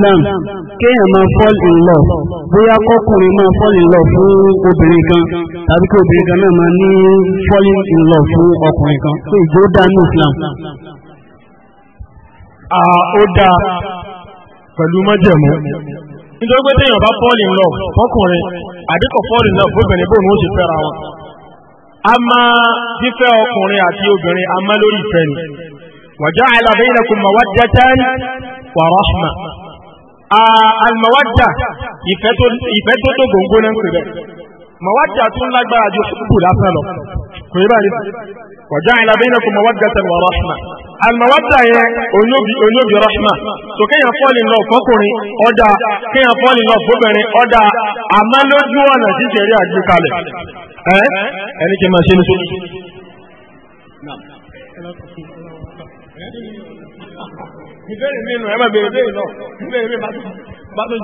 Islam kéèyàn máa fall in love bóyá kọkùnrin máa fall in love fún obìnrin kan tàbí kí obìnrin kan náà máa ní falling in love fún ọkùnrin kan pé ìjó dánú Islam. ó dáa pẹ̀lú májẹ̀mú nítorí pé téèyàn bá fall in love fọkùnrin àdínkù fall in love bóun ó sì fẹ́ra wọn. a máa fífẹ́ ọkùnrin àti obìnrin a máa lórí ìfẹ́ ni. àlùmọ̀wájà ìfẹ́ tó tó gbòǹgbò náà ń pè bẹ́ẹ̀ mọ̀wájà tún lágbára ju lásán lọ kò yí báyìí ìlà bẹ́ẹ̀ náà kò yẹn tó kéèyàn fọ́ọ̀lì lọ ọ̀dà kéèyàn fọ́ọ̀lì lọ ọ̀dà àmọ́ lójú ọ̀nà ẹ ìbéèrè mi nù ẹ má náà ìbéèrè mi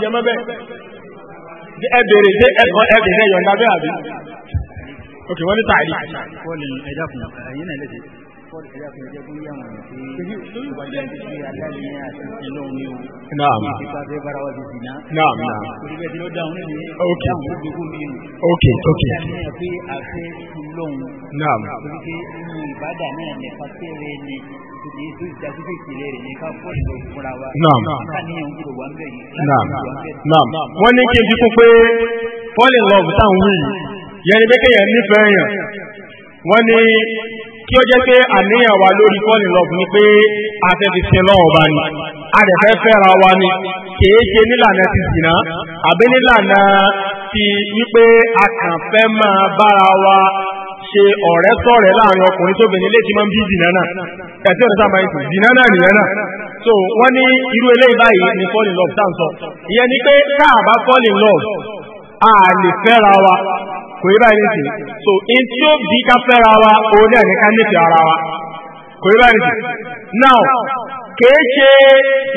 jẹ mọ́ bẹ́ẹ̀ ẹ béèrè dé ẹ̀gbọ́n ẹ àbí. ok wọ́n ní tààrí. wọ́n lè fún un ẹ̀yin نعم نعم نعم اوكي اوكي اوكي نعم نعم نعم wọ́n ní kí n fi pé fall in love táwọn wí yẹn ni pé kéèyàn nífẹ̀ẹ́ yàn wọ́n ní kí ó jẹ́ pé àníyàn wa lórí fall in love ni pé a fẹ́ fi sin lọ́wọ́ bá ní a dẹ̀ fẹ́ fẹ́ra wa ni kìí ṣe nílànà ti zìnà àbí nílànà ti wípé a kàn fẹ́ máa bára wa ṣe ọ̀rẹ́ sọ̀rẹ́ láàrin ọkùnrin tóbìnrin léjì máa ń bí zìnà náà ẹ̀sẹ̀ ọ̀rẹ́ sábà yìí zìnà náà nìyẹn náà so wọ́n ní irú eléyìí báyìí ni fall in love sáà ń sọ ìyẹn ni pé káà bá fall in love a lè fẹ́ra wa kò yẹ báyìí so in ó bí ká fẹ́ra wa òun náà ní ara wa kò yẹ báyìí now kèé ṣe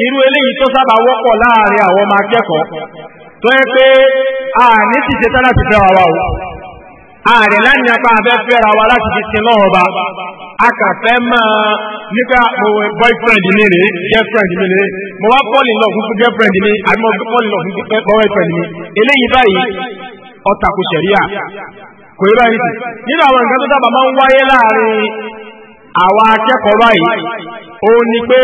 irú eléyìí tó sábà wọ́pọ̀ láàrin àwọn ọmọ akẹ́kọ̀ọ́ tó yẹ pé àní ti ṣe tán láti fẹ́ra wa o ààrẹ lánàá pa afẹ́ fẹ́ra wa láti ọba a kà fẹ́ máa nípa òwe boyfriend mi rèé girlfriend mi mo fún girlfriend mi àbí mo ọ̀tàkù ṣẹ̀ríà a yí báyìí sí nínú àwọn nǹkan tó sábà máa ń wáyé láàrin àwa akẹ́kọ̀ọ́ báyìí òun ni pé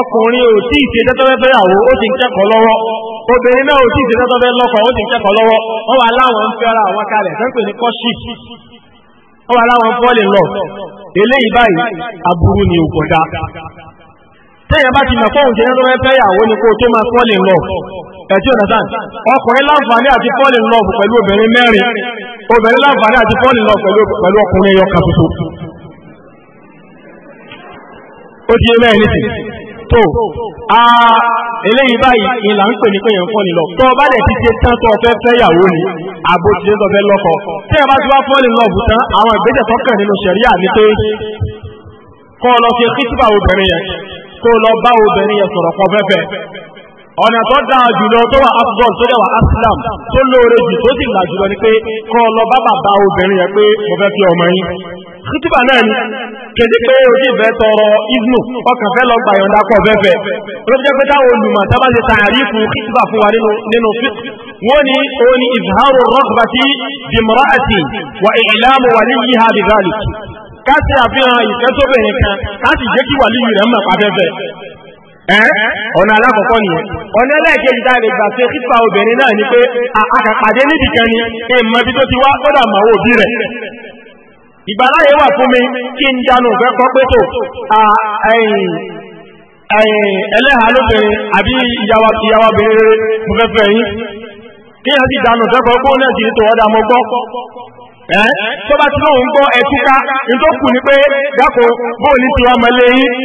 ọkùnrin ò tí ṣe tẹ́tọ́fẹ́ fẹ́yàwó ó ti ń kẹ́kọ̀ọ́ lọ́wọ́ obìnrin náà ò tí ì ṣe tẹ́tọ́fẹ́ ó ti ń kẹ́kọ̀ọ́ lọ́wọ́ wọ́n wà láwọn ń àwọn kalẹ̀ lọ eléyìí báyìí aburú ni téèyàn bá ti mọ̀ fóun jẹ́ lọ́wọ́ fẹ́ yàwó ni kó tó máa fall in love ẹ̀tí ọ̀nà sáà ọkùnrin láǹfààní àti fall in love pẹ̀lú obìnrin mẹ́rin obìnrin láǹfààní àti fall in love pẹ̀lú ọkùnrin ẹyọ kan ṣoṣo. ó ti yé mẹ́rin nìsín tó a eléyìí báyìí ni ń pè ní pé yẹn ń fall in love tó o bá dẹ̀ ti ṣe tán tó o fẹ́ fẹ́ yàwó ni àbò ti ṣe tó o fẹ́ lọ́kọ téèyàn bá ti wá fall in love tán àwọn ìgbésẹ̀ tó kàn nínú ṣẹ̀ríà ni pé kọ́ ọ lọ ṣe kíkúbà obìnrin yẹn kó lọ bá obìnrin yẹn sọ̀rọ̀ kan fẹ́fẹ́ ọ̀nà tó dáa jùlọ tó wà afdol tó dẹ̀wà aslam tó lóore jù tó sì là jùlọ ni pé kó lọ bá bàbá obìnrin yẹn pé mo fẹ́ fi ọmọ yín kìtìbà náà ni kèdè pé ojú ìfẹ́ tọrọ ibnu ọkàn fẹ́ lọ gbà yọ̀ǹda kọ̀ fẹ́fẹ́ lóbìjẹ́ pé táwọn olùmọ̀ tá bá ṣe tààrífù kìtìbà fún wa nínú wọ́n ní òun ni ìzhárò rọ́gbàtí bimra'ati wa ìlàmù wà ní yíha bidhalik kaasị ṣe àfihàn ìfẹ́ tóbìnrin kan ká sì jẹ́ kí wàlíyù rẹ̀ mọ̀ pàfẹ́fẹ́ ọ̀nà alákọ̀ọ́kọ́ ni ọ̀nà ẹlẹ́ẹ̀kejì tá a lè gbà ṣe kípa obìnrin náà ni pé àkàpàdé níbi kan ni èèmọ̀ ibi tó ti wá gbọ́dọ̀ àmàwò òbí rẹ̀ ìgbàláyé wà fún mi kí n dánú fẹ́ kọ́ pé tó ẹlẹ́hà lóbìnrin àbí ìyàwó obìnrin mo ẹ́ tó bá ti lóun gbọ́ ẹ̀túká ní tó kù ní pé dákò bóòlù ti wá mọ́lẹ́yìn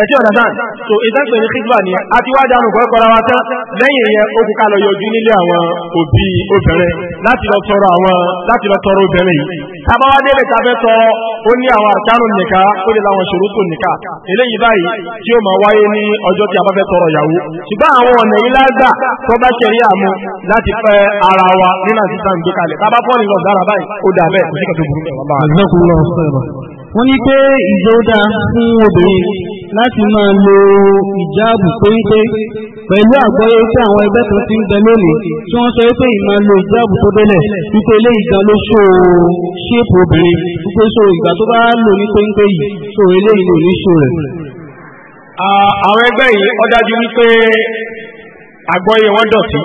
ẹ̀tí ọ̀nà sáà so ìtàkùn ní kíkbà ni a ti wá dánù kọ́kọ́ra wa tán lẹ́yìn ìyẹn ó ti ká lọ yọjú nílé àwọn òbí obìnrin láti lọ tọrọ àwọn láti lọ tọrọ obìnrin yìí tábáwá délé ta fẹ́ tọrọ ó ní àwọn àrkánù nìka ó lè láwọn ṣòro tó nìka eléyìí báyìí tí ó máa wáyé ní ọjọ́ tí a bá fẹ́ tọrọ ìyàwó ṣùgbọ́n àwọn ọ̀nà yìí lágbà tó bá ṣẹ̀rí àmú láti fẹ́ ara wa nínú àti sáà ń gbé kalẹ̀ tábá pọ́ọ̀lì lọ dára báyìí ó dà bẹ́ẹ̀ kò sí kàtó burú bẹ́ẹ̀ wọ́n ní pé ìjọ fún obìnrin láti máa lo ìjáàbù péńpé pẹ̀lú àgbọ́yé tí àwọn ẹgbẹ́ kan ti ń bẹ lónìí tí wọ́n sọ pé ìmọ̀ lo ìjáàbù tó délẹ̀ wípé ilé ìgbà ló ṣó ṣéèpù obìnrin wípé so ìgbà tó bá lò ní péńpé yìí so ilé ìlú ní ṣó rẹ̀. àwọn ẹgbẹ́ yìí ó dájú wípé àgbọ́yé wọn dọ̀tí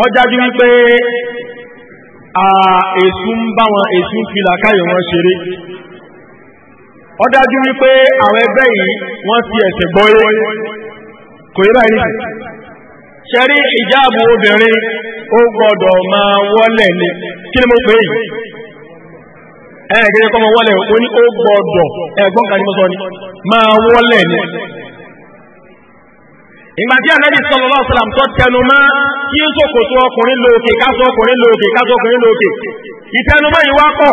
ó dájú wípé èṣù ń bá wọn èṣù ń fi làákàyè wọn ṣeré ó dájú wípé àwọn ẹgbẹ́ yìí wọ́n ti ẹ̀sìn gbọ́yé kò yí báyìí nìyí. ṣẹ́rí ìjáàbù obìnrin ó gbọ́dọ̀ máa wọlé ni kí ni mo pè é yìí. ẹ ẹ̀ gẹ́gẹ́ kọ́ mọ wọlé o ní ó gbọ́dọ̀ ẹ̀gbọ́n kan ní mo sọ ni máa wọlé ni. ìgbà tí ànábì sallallahu alaihi wasallam tó tẹnu mọ́ kí n sòkòtò ọkùnrin lókè ká sọ ọkùnrin lókè ìtẹnumọ́ yìí wá pọ̀.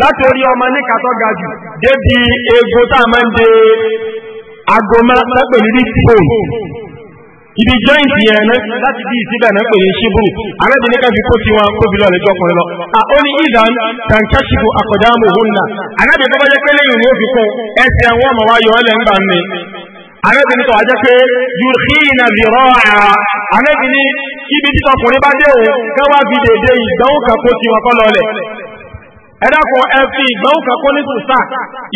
láti orí ọmọ ní kàtọ́ ga jù débi ego tá a máa ń de agoma lọ́pẹ̀ ní rìsípò ibi jẹ́ǹtì yẹn náà láti bí ìsíbẹ̀ náà pè ní ṣíbùrù arábìnrin kan fi kó ti wọn kó fi lọ lẹ́jọ́ ọkùnrin lọ. ó ní ìdán kankashibu akọ̀dáàmù òun náà arábìnrin tó bá jẹ́ pé lẹ́yìn ni ó fi kún ẹsẹ̀ wọn mọ̀ wá yọ ọ́ lẹ́ńgbà mi. arábìnrin tó wá jẹ́ pé yurkina zira'a arábìnrin ibi títọkùnrin bá dé òun kí fi dèdè ìdánwò kan kó ti wọn kọ́ lọ ẹ̀dàkùn ẹ̀fì ìgbọ́n kankan ní tùsà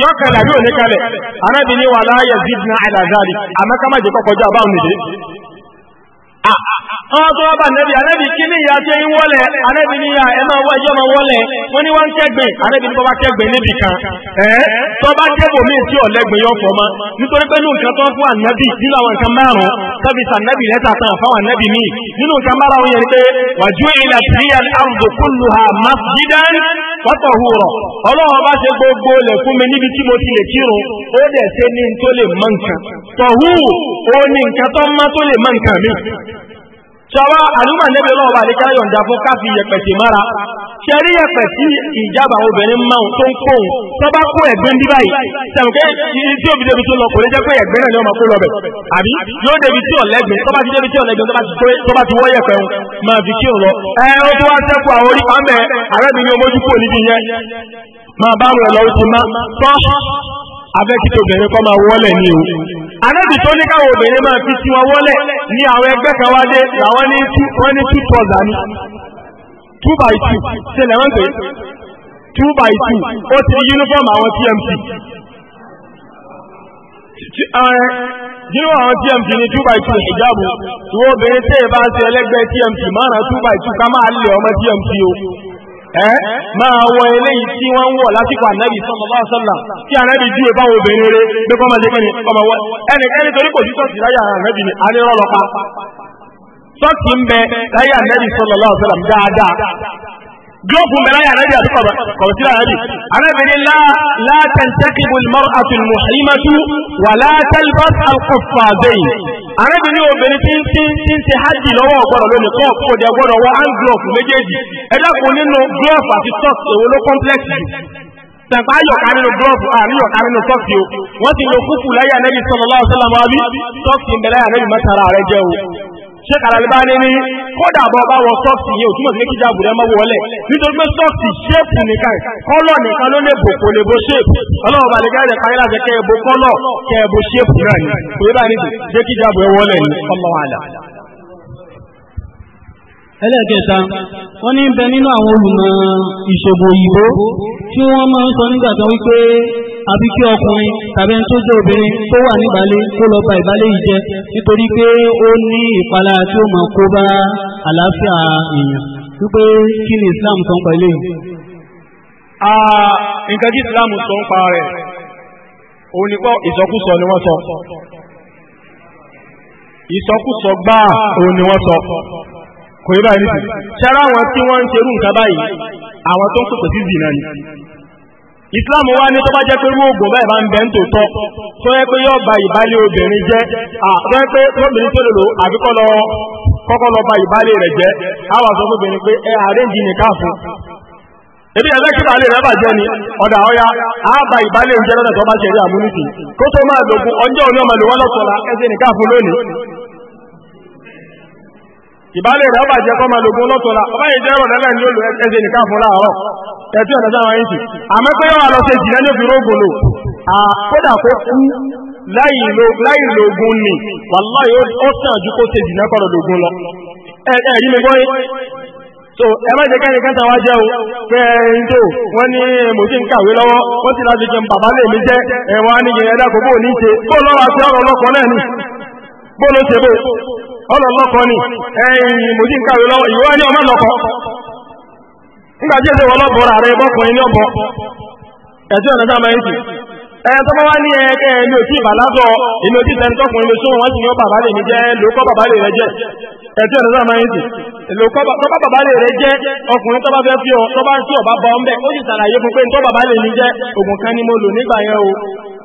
yóò kalẹ̀ àbí òní kalẹ̀ arábìnrin wà láàyè zidna àlàzáàlì àmẹ́kámájẹ́ kọkọjá àbáwọn nìdí àwọn tó wá bá nẹ́bí anẹ́bí kí ní ìyá tí ń wọ́lẹ̀ anẹ́bí ní ìyá ẹ máa ẹjọ́ máa wọ́lẹ̀ wọ́n ka. wọ́n ń kẹ́gbìn anẹ́bí ní bọ́bá kẹ́gbìn níbì kan ẹ́ tó bá kẹ́bò tí ọ̀lẹ́gbìn yọ fọ́ mọ́ nítorí pé nínú nǹkan tó ń fún anẹ́bí nínú àwọn nǹkan márùn-ún lẹ́tà tán fáwọn ha masjidan ọlọ́run ṣe gbogbo mi níbi tí mo ti lè kírun ó dẹ̀ ṣe ní tó lè mọ nǹkan ó ní nǹkan tó sọwọ́ àlùmọ̀ níbi ọlọ́wọ́ bá lékẹ́ yọ̀ǹda fún káfí yẹpẹ̀tì mára ṣe rí yẹpẹ̀tì ìjábà obìnrin máa tó ń kóhùn tó bá kó ẹ̀gbẹ́ ní báyìí sẹ̀mùkẹ́ tí òbí débi tó lọ kò lè jẹ́ pé ẹ̀gbẹ́ náà ni ọmọ kó lọ bẹ̀ àbí yóò débi tí ọ̀lẹ́gbẹ̀ tó bá ti débi tí ọ̀lẹ́gbẹ̀ tó bá ti wọ́ yẹpẹ̀ ń lọ ẹ bá rẹ̀ lọ ti má tọ́ abẹ́kítobìnrin kọ́ máa wọ́lẹ̀ ní o Ànábì tó ní káwọn obìnrin máa fi tiwọn wọlé ní àwọn ẹgbẹ́ kan wá dé làwọn ní two wọ́n two thousand ní two by two ṣe lẹ́wọ́n pé two by two ó ti uniform àwọn TMC nínú àwọn TMC ní two by two ìjábọ̀ ìwọ obìnrin tẹ́ ẹ bá ń ṣe ẹlẹ́gbẹ́ TMC márùn-ún two by two ká máa lè ọmọ TMC o. ma máa wọ eléyìí tí wọ́n ń wọ̀ lásìkò ànábì sallallahu alaihi wasallam ànábì ju ìbá wo obìnrin rẹ̀ pé kọ́ máa ṣe kíni ọmọ wọ ẹnikẹ́ni torí kò sí sọ́ọ̀tì láyà ànábì ni anírọ́lọ́pàá sọ́ọ̀tì ń bẹ láyà ànábì sallallahu alaihi dáadáa gílọ́ọ̀fù mẹ́láyà anábì àti kọ̀ọ̀sí anábì anábì ní látẹ̀ntẹ́kìbù mọ́ràtún mùsùlùmọ́tú wà látẹ̀lbọ́s alkọ̀fàdẹ́yìn anábì ní obìnrin tí ń tí ń ti hajj lọ́wọ́ ọ̀gbọ́dọ̀ lónìí kọ́ kó di ọgbọ́dọ̀ wọ hand glove méjèèjì e ẹ̀dàkùn nínú glove àti socks èwo ló complex tẹ̀pá yọ̀ká nínú glove àrí yọ̀ká nínú sọ́ọ̀sì o wọ́n ti lo kúkú láyé anábì sallallahu alaihi wasallam sọ́ọ̀sì ń bẹ láyé anábì mẹ́tara rẹ jẹ́ o ṣé kàlàlíbá ní ní kódà bọ́ bá wọ sọ́ọ̀sì yìí òtúmọ̀ sí kíjà àbùdá mọ́ wọlé nítorí pé sọ́ọ̀sì ṣéèpù nìkan kọ́lọ̀ nìkan ló lè bò kò lè bo ṣéèpù ọlọ́run bá lè gáyẹ̀ káyé láti kẹ́ ẹ̀bọ kọ́lọ̀ kẹ́ ẹ̀bọ ṣéèpù náà ni kò yẹ bá ní jẹ́ ẹlẹ́ẹ̀kẹta wọ́n ní bẹ nínú àwọn olùmọ̀ ìṣòbò òyìnbó tí wọ́n máa ń sọ nígbà kan wípé àbí kí ọkùnrin tàbí ẹni tó jẹ́ obìnrin tó wà níbàálẹ̀ kó lọ ba ìbálẹ̀ yìí jẹ́ nítorí pé ó ní ìpalára tí ó máa kó bá àlàáfíà èèyàn wípé kí ni Islam sọ ń pa eléyìí. nǹkan tí Islam sọ ń pa rẹ̀ òun ni pé ìsọkúsọ ni wọ́n sọ ìsọkúsọ gbáà òun ni wọ́n sọ. kò yí báyìí nìsín ṣẹ́ra àwọn tí wọ́n ń ṣerú nǹkan báyìí àwọn tó ń pèpè sí ni islam wa ní tó bá jẹ́ pé irú oògùn báyìí bá ń bẹ ń tòótọ́ tó yẹ pé yóò ba ìbálẹ̀ obìnrin jẹ́ tó yẹ pé obìnrin tó lè lò àbí kọ́kọ́ lọ ba ìbálẹ̀ rẹ̀ jẹ́ àwọn àṣọ pé ẹ ẹlẹ́kìtà lè rẹ́bà jẹ́ ni ọ̀dà ọ̀ya ìbálẹ̀ jẹ́ lọ́dọ̀ tó ìbálẹ̀ rẹ̀ ọba jẹ́ kọ́mà lògún lọ́tọ̀lá ọba yìí jẹ́ ọ̀dọ́ náà ní olù ẹsẹ̀ nìkan fún láàárọ̀ ẹ̀tí ọ̀dọ́ sáwọn yìí àmọ́ pé wà lọ́sẹ̀ jìnnà ní òfin rógòlò àkódà kó kú láì ni wàláhì ó sàn ju kó ṣe jìnnà kọ́rọ̀ lògún lọ. ẹ yí mi so ẹ má jẹ́ kẹ́ni kẹta wá jẹ́ o pé ẹyin tó wọ́n ní mo ti ń kàwé lọ́wọ́ wọ́n ti ni bó ọ̀nà lọ́kọ ni ẹ̀yìn mòjí ń kàwé lọ́wọ́ ìwọ́ ẹni ọmọ lọ́kọ nígbà wọ́n lọ́bọ̀ rà rẹ bọ́kùnrin ní ọ̀bọ̀ ẹ̀sìn ọ̀nà sáà máa ń sì ẹ̀yìn tó bá wá ní ẹ̀kẹ́ ẹni òtí ní bàbá lè ọ sí bọ́ ń bẹ̀ ó sì ṣàlàyé fún pé bàbá lè kan ni mo lò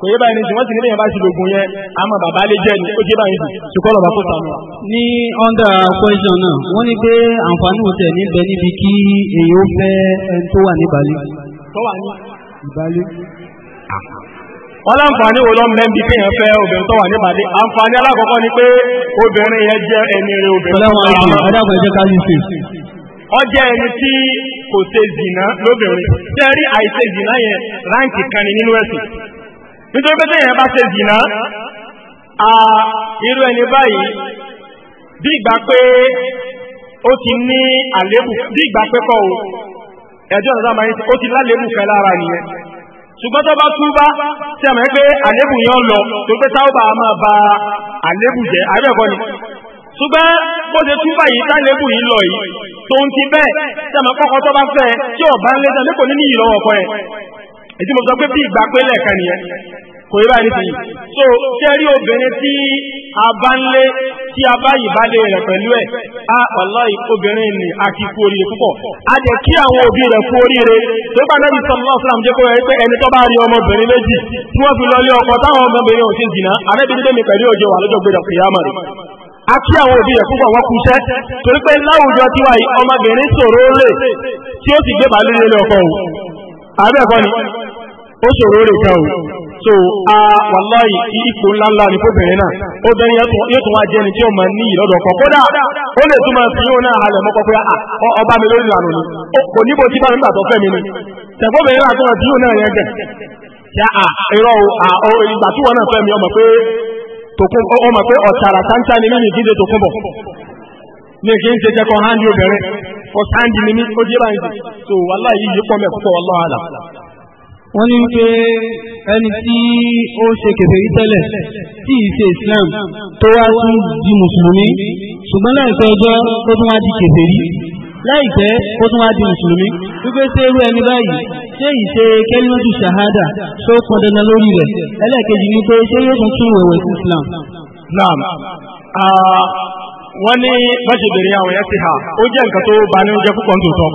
kò yé báyìí nìyí wọ́n sì nílẹ̀ yẹn bá ti lògùn yẹn àmọ́ bàbá lè jẹ́ ni ó báyìí sì ṣùkọ́ lọ́ba kó sànù. ní under question náà wọ́n ní pé àǹfààní òtẹ̀ níbẹ̀ níbi kí èyí ó fẹ́ ẹni tó wà ní Bali. tó wà ní Bali. Ah. wọ́n láǹfààní wo ló ń bẹ́ẹ̀ bí kéèyàn fẹ́ obìnrin tó wà ní Bali àǹfààní alákọ̀ọ́kọ́ ni pé obìnrin yẹn jẹ́ ẹni rẹ obìnrin ọjẹ́ ẹni tí kò ṣe zìnà ni nínú nítorí pé téèyàn bá ṣe zìnà irú ẹni báyìí bí ìgbà pé ó ti ní àlébù bí ìgbà pé kọ́ o ẹjọ́ ọ̀dọ́ máa ń ó ti lálébù kan lára nìyẹn ṣùgbọ́n tó bá túbá tí a mọ̀ pé àlébù yẹn lọ tó pé táwọ́bà máa ba àlébù jẹ́ àbẹ́ẹ̀kọ́ ni ṣùgbọ́n bó ṣe túbà yìí tálébù yìí lọ yìí tó ń ti bẹ́ẹ̀ tí a mọ̀ kọ́kọ́ tó bá fẹ́ tí ọ̀bá ètí mo sọ pé bí ìgbà pé lẹ́ẹ̀kan nìyẹn kò yẹ báyìí nìyí so kẹ́rí obìnrin tí a bá ń lé tí a bá yìí bá lé rẹ̀ pẹ̀lú ẹ̀ a wallahi obìnrin ni a kì í kú oríire púpọ̀ a jẹ́ kí àwọn òbí rẹ̀ kú oríire tó bá náà sọ lọ́wọ́ fúnra mi jẹ́ kó rẹ̀ pé ẹni tó bá rí ọmọbìnrin méjì tí wọ́n fi lọ lé ọkọ táwọn ọmọbìnrin ò ti jìnnà àrẹ́bìnrin mi pẹ̀lú òjò wà lọ́jọ́ gbẹdọ̀ kìyàmà rẹ̀ a kí àwọn òbí rẹ̀ púpọ̀ wọn kúṣẹ́ torí pé láwùjọ tiwa yìí ọmọbìnrin ṣòro lè tí ó sì gbé bàálù lé ọkọ òun àbẹ́ẹ̀kọ́ ni ó ṣòro rè kan o so a wàláyé ipò ńláńlá ni fóbìnrin náà ó bẹ̀rẹ̀ yóò tún wá jẹ́ ni tí ó máa ní ìlọ́dọ̀ ọkọ kódà ó lè yóò náà halẹ̀ pé ah, ọba mi lórí ìlànà ni kò níbo tí bá mi ni náà tún náà yẹn ah, ah, o ìgbà tí wọn náà fẹ́ mi ọmọ pé ọ̀tàrà ni n ṣe ní kí first hand mi ní ó jẹ́ so wàláhì yìí pọ̀ mẹ́ púpọ̀ wallahu alam. wọ́n ní pé ẹni tí ó ṣe tẹ́lẹ̀ Islam tó wá di mùsùlùmí ṣùgbọ́n láìpẹ́ ọjọ́ ó tún wá di kèfèrí láìpẹ́ ó tún wá di mùsùlùmí wípé ṣé irú ẹni báyìí ṣé ìṣe kẹ́límọ́tù ṣàhádà ṣó pọn lórí rẹ̀ ẹlẹ́ẹ̀kejì wọ́n ní bẹ́sẹ̀ bèrè àwọn yẹn ti hà ó jẹ́ nǹkan tó bà ní oúnjẹ púpọ̀ tó tọ́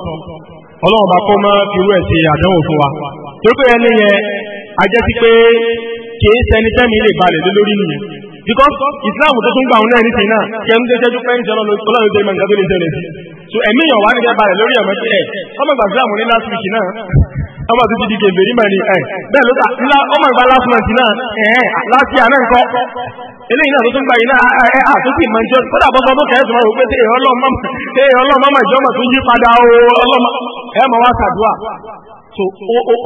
ọlọ́run bá kọ́ mọ́ fi irú ẹ̀ àdánwò fún wa torí pé ẹni yẹn pé kì í tẹ́mi lè balẹ̀ lé lórí because islam tó tún gbà wọn náà nísìnyí náà kẹnu tó jẹjú pé ń jẹ lọ́nà ọlọ́run tó ìmọ̀ nǹkan tó lè jẹ so ẹ̀mí yàn wá ní kẹ́ balẹ̀ lórí ẹ̀mọ́ sílẹ̀ ọmọ ìgbà islam ní last week náà ọmọ tó ti di gèbè ní mẹ́rin ẹ̀ bẹ́ẹ̀ ló ta ọmọ ìgbà last month náà ẹ̀ last year náà ń kọ́ eléyìí náà tó tún gba iná ẹ àtúntì máa ń jọ kódà bọ́sọ̀ bókè ẹ̀sùn máa rò pé èèyàn ọlọ́run máma ìjọba tó yí padà ọlọ́run ẹ̀ máa wá ṣàdúrà tó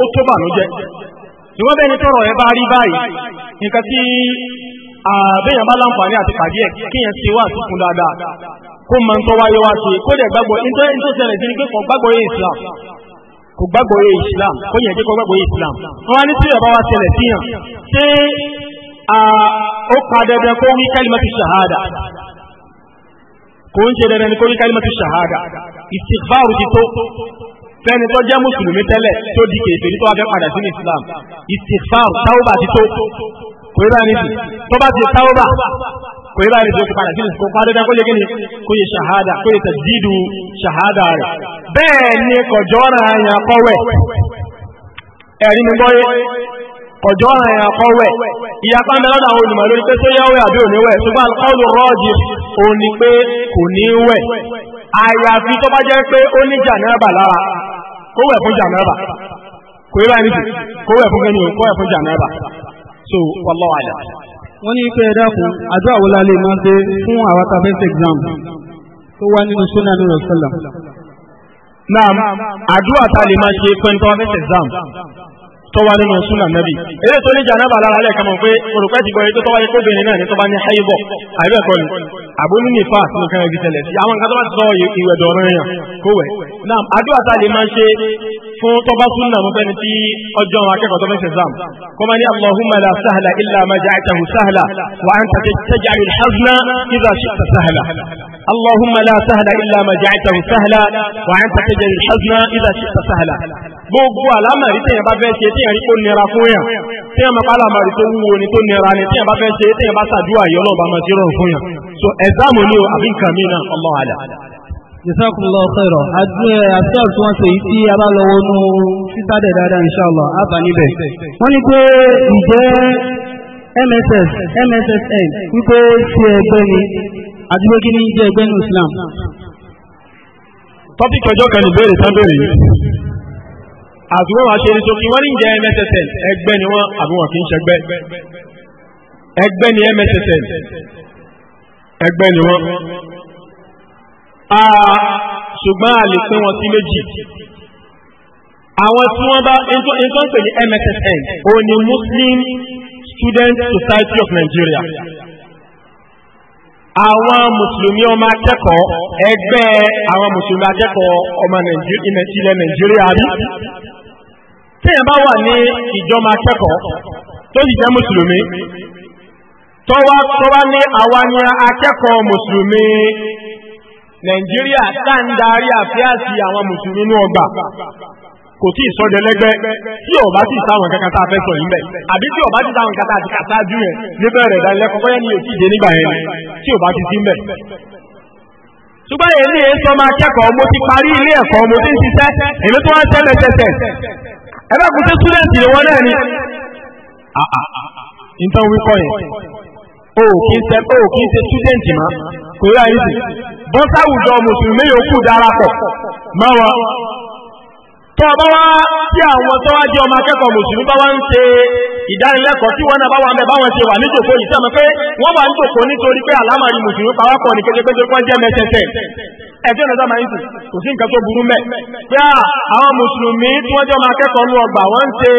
ó tó bà ló jẹ́ ìwọ́n àbẹ́yàn ah, bá láǹfààní àti pàdé ẹ̀ kíyàn ṣe wá sí fún dáadáa kó mọ tó wáyé wá ṣe kó dẹ̀ gbàgbọ́ ní tó ṣẹlẹ̀ sí ni pé kò gbàgbọ́ yé Islam kò gbàgbọ́ yé Islam kó yẹn jẹ́ kó gbàgbọ́ yé Islam wọn wá ní tí ìyàbá wa ṣẹlẹ̀ síyàn ṣé ó pa dandan kó wí kalimatu shahada kò ń ṣe dandan kó wí kalimatu shahada istighfar ti tó fẹ́ni tó jẹ́ mùsùlùmí tẹ́lẹ̀ tó di kèfè tó fẹ́ padà sínú islam istighfar tawba ti tó kò yẹ báyìí nìyí tó bá ti tawba kò yẹ báyìí nìyí tó padà sínú kò padà kó yẹ kí ni yẹ yẹ bẹ́ẹ̀ ni kọjọ́ yẹn ẹ̀rí mi gbọ́ yé kọjọ́ yẹn ìyapa ń bẹ lọ́dọ̀ àwọn pé àbí àyàfi tó bá jẹ́ pé ó ní jànáàbà lára kó wẹ̀ fún jànáàbà kò yẹ báyìí nìyí kó wẹ̀ fún gẹ́ni o kó wẹ̀ fún jànáàbà so wallahu a'lam. wọ́n ní pé ẹ dákun àdúrà wo la lè máa dé fún àwọn tàbẹ́sẹ̀ exam tó wá nínú sunna ní rọ̀sẹ̀lá. naam àdúrà ta lè máa ṣe pé tó wá fẹ́sẹ̀ exam tó wá nínú sunna nàbì eré tó ní jànáàbà lára lẹ́ẹ̀kan mọ̀ pé òrùkọ́ ti gbọ́ àbónú ní ìfà àti nǹkan ẹ̀rí tẹ̀lẹ̀ sí àwọn nǹkan tó bá ti sọ ìwẹ̀dọ̀ ọ̀rọ̀ yẹn kó wẹ̀. náà àdúrà tá lè máa ṣe fún tọba súnà mú fẹ́ni tí ọjọ́ akẹ́kọ̀ọ́ tó mẹ́sẹ̀ zam kọmọ ní allahumma la sahla illa ma ja'altahu sahla wa anta taj'alu al-hazna idha shi'ta sahla allahumma la sahla illa ma ja'altahu sahla wa anta taj'alu al-hazna idha shi'ta sahla gbogbo alámàrí tí yẹn bá fẹ́ ṣe tí yẹn rí nira fún yàn tí yẹn máa alámàrí tó wúwo ni tó nira ni tí yẹn bá ṣe tí yẹn bá ṣàdúrà yọ náà bá ṣe rọrùn fún yàn so ẹ̀zámù Jazakumullahu khairan. Àti eh, àṣàr tí wọ́n ṣe yìí tí a bá lọ wọnú sítádẹ̀ dáadáa inshallah àbá níbẹ̀. Wọ́n ní pé ìjẹ́ MSS, MSSN wípé ṣe ẹgbẹ́ ni àti pé kí ni jẹ́ ẹgbẹ́ ní Islam. Tọ́pìkì ọjọ́ kan ìbéèrè tán béèrè yìí. Àti wọ́n ṣe ní sókè wọ́n ní jẹ́ MSSN ẹgbẹ́ ni wọ́n àbí wọn kì í ṣẹgbẹ́. Ẹgbẹ́ ni MSSN ẹgbẹ́ ni wọ́n a ṣùgbọ́n a lè pín wọn sí méjì àwọn tí wọ́n bá nǹkan pè ní MSSN òun ni Muslim Student Society of Nigeria àwọn mùsùlùmí ọmọ akẹ́kọ̀ọ́ ẹgbẹ́ àwọn mùsùlùmí akẹ́kọ̀ọ́ ọmọ ilẹ̀ Nàìjíríà rí téèyàn bá wà ní ìjọba akẹ́kọ̀ọ́ tó sì jẹ́ mùsùlùmí tọ́wá tọ́wá ní àwa ni akẹ́kọ̀ọ́ mùsùlùmí nàìjíríà tá ń darí àfíàsì àwọn mùsùlùmí inú ọgbà kò tí ì sọdẹ lẹgbẹ tí ọba ti sáwọn kankan tá a fẹ́ sọ yìí bẹ àbí tí ọba ti sáwọn kankan tá a ti kà sáájú yẹn níbẹ̀rẹ̀ ìdánilẹ́kọ̀ọ́ bóyá ni èsì ìdè nígbà yẹn tí ọba ti sí mbẹ ṣùgbọ́n èyí ni èso máa kẹ́kọ̀ọ́ mo ti parí ilé ẹ̀kọ́ mo ti ń ṣiṣẹ́ èmi tó wá ń ṣẹlẹ̀ tẹ̀tẹ̀ ẹ̀rọ kò sí túdẹ̀ǹtì ni wọ́n náà ni. nítorí wíkọ yẹn o kì í ṣe túdẹ̀ǹtì mọ́ kò rí àyè bọ́sáwùjọ mùsùlùmí yòókù darapọ̀ mọ́ wọn tó bá wá tí àwọn tó wá jẹ́ ọmọ akẹ́kọ̀ọ́ mùsùlùmí bá wá ń ṣe ìdánilẹ́kọ̀ọ́ tí wọ́n náà bá wà ń bẹ báwọn ṣe wà níjòkó yìí sẹ́mi pé wọ́n wà níjòkó nítorí pé àlámọ̀rí mùsùlùmí pawápọ̀ ní kékeré wọ́n jẹ́ mẹ́sẹsẹ ẹjọ́ ìrọ̀dá máa ń tù kò sí nǹkan tó burú mẹ́ pé àwọn mùsùlùmí tí wọ́n jẹ́ ọmọ akẹ́kọ̀ọ́ ní ọgbà wọ́n ń ṣe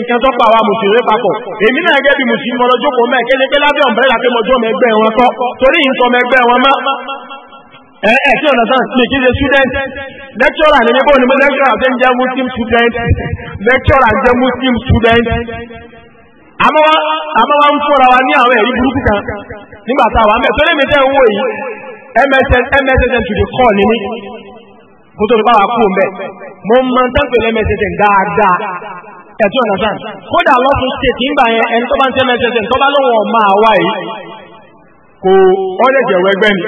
nǹkan tó pa àwọn mùsùlùmí papọ̀ èmi náà gẹ́gẹ́ bí mùsùlùmí ọlọ́jọ́kọ̀ọ́ mẹ́ kéde lábẹ́ ẹ̀ẹ́ tí ọ̀nà sáà lè kí ṣe student lecturer ni níbo ni mo lecturer ṣe ń jẹ́ muslim student lecturer jẹ́ muslim student àmọ́ wa ń fúnra wa ní àwọn ẹ̀rí burúkú kan nígbà tá a wà mẹ́ torí mi tẹ́ ń wò yìí msn msn to the call ni mí kó tó lè bá wa kú mbẹ́ mo mọ n tẹ́sán msn dáadáa ẹ̀tún ọ̀nà sáà kódà lọ́sùn state nígbà yẹn ẹni tó bá ń tẹ́ msn tó bá lóun ọ̀ máa wá yìí kò ọ́ lè jẹ̀wọ́ ẹgbẹ́ mi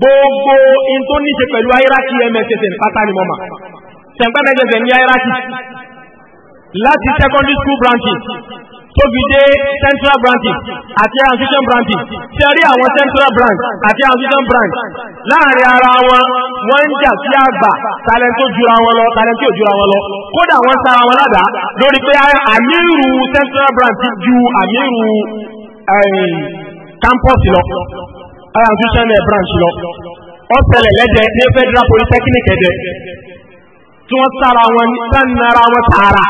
gbogbo in tó ní ṣe pẹ̀lú ayéraki mssn pátá ni mọ́mà tẹ̀m̀pẹ́ mssn ní ayéraki láti secondary school branches tó fi central branches àti transition branches tí a rí àwọn central branch àti transition branch láàrin ara wọn wọ́n ń jà sí àgbà talent tó jura wọn lọ talent tó jura wọn lọ kódà wọ́n sára wọn ládàá lórí pé àmírù central branch ju àmírù campus lọ ara ń ṣiṣẹ́ náà branch lọ ó ṣẹlẹ̀ lẹ́dẹ̀ ní federal polytechnic ẹ̀dẹ̀ tí wọ́n sára wọn sánnara wọn tààrà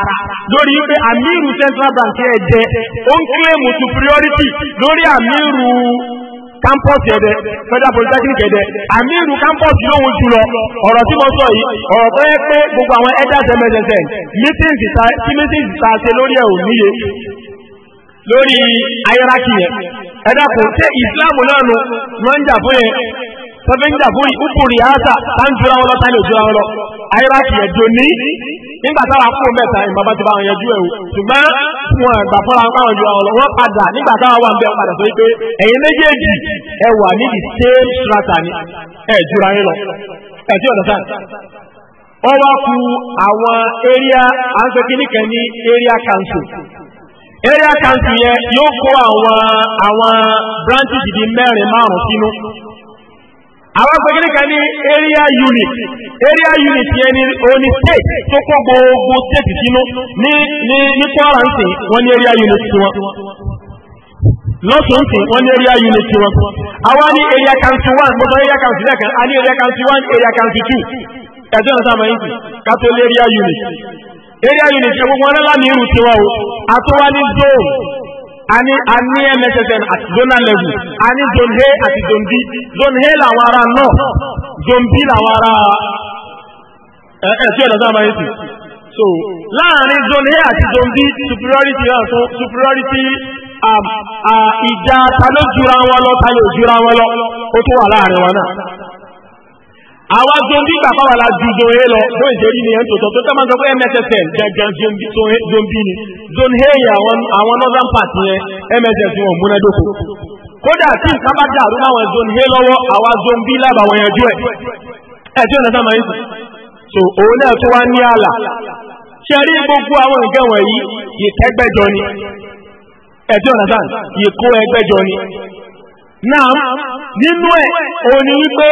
lórí pé àmírù central branch ẹ̀dẹ̀ ó ń kílèmù superiority lórí àmírù campus ẹ̀dẹ̀ federal polytechnic ẹ̀dẹ̀ àmírù campus lóhun jùlọ ọ̀rọ̀ tí mo sọ yìí ọ̀rọ̀ tó yẹ pé gbogbo àwọn elders msn meetings ta ṣe lórí ẹ̀ ò níye lórí hierarchy yẹn ẹ̀dàkùn tẹ́ ìsìláàmù náà nù wọ́n ń jà fún yẹn tọ́fẹ́ ń jà fún ìkúkùrì àṣà táǹjúra wọn lọ táyé òjúra wọn lọ ayélujára kìí ẹ̀dùn ní nígbà táwa ti bá wọn ṣùgbọ́n wọn fúnra wọn káwọn jura wọn lọ wọn padà nígbà táwa wà ń bẹ padà ni jura yín lọ ọ̀dọ̀ sáà ku àwọn area area council yẹn yóò kó àwọn àwọn branches di mẹ́rin márùn sínú àwọn agbègbè kan ní area unit area unit yẹn ni oni state tó gbogbo state sínú ní ní ní Kwara ń sìn wọ́n ní area unit tiwọn lọ́sùn sìn wọ́n ní area unit tiwọn àwọn ní area council one area council a ní area council one area council two unit. area ayélujára gbogbo wọn ní irú tiwọn o ní zone ani ani mssn àti zonal level zone a àti zone b zone a làwọn ará north zone b làwọn ará ẹ ẹ tí ọ̀dọ̀ máa so láàrin zone a àti zone b superiority náà fún superiority um, uh, ìjà ta ló lọ ta ló lọ ó tún wà àwa zombi bàbá wa la ju zon he lọ zon ìjẹ́rí ni ẹ̀ ń tòótọ́ tó tẹ́lẹ̀ máa sọ pé mssn gangan zombi ni zon he yẹn àwọn northern part yẹn mss wọn múnádóko kódà tí nǹkan bá dàrú láwọn zon he lọ́wọ́ àwa zombi lábà wọn yẹn jú ẹ̀ ẹ̀ tí ọ̀nà sáà máa ń sìn so òun náà tó wá ní àlà ṣẹ́rí gbogbo àwọn nǹkan wọ̀nyí ìkẹ́gbẹ́jọ ni ẹ̀ tí ọ̀nà sáà ìkó ẹgbẹ́jọ ni náà nínú ẹ̀ òun ni wípé